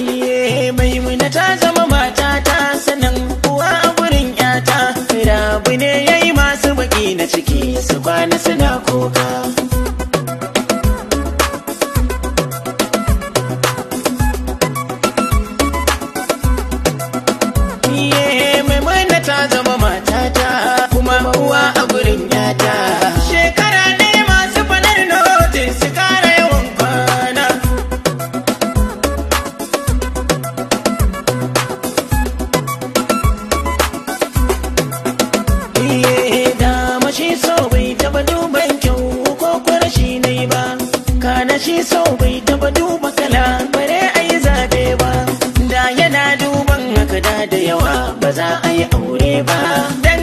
iye maimuna ta zama matata sanan uwa a gurin yata rabu ne yayi masu baki na ciki su kwana suna kuka ta zama matata kuma uwa a gurin yata dama shi so bai taɓa duba kyau ko kwara shi ne ba kana shi so bai taɓa duba kala bare ayi yi zaɓe ba da yana duban haka da yawa ba za a yi aure ba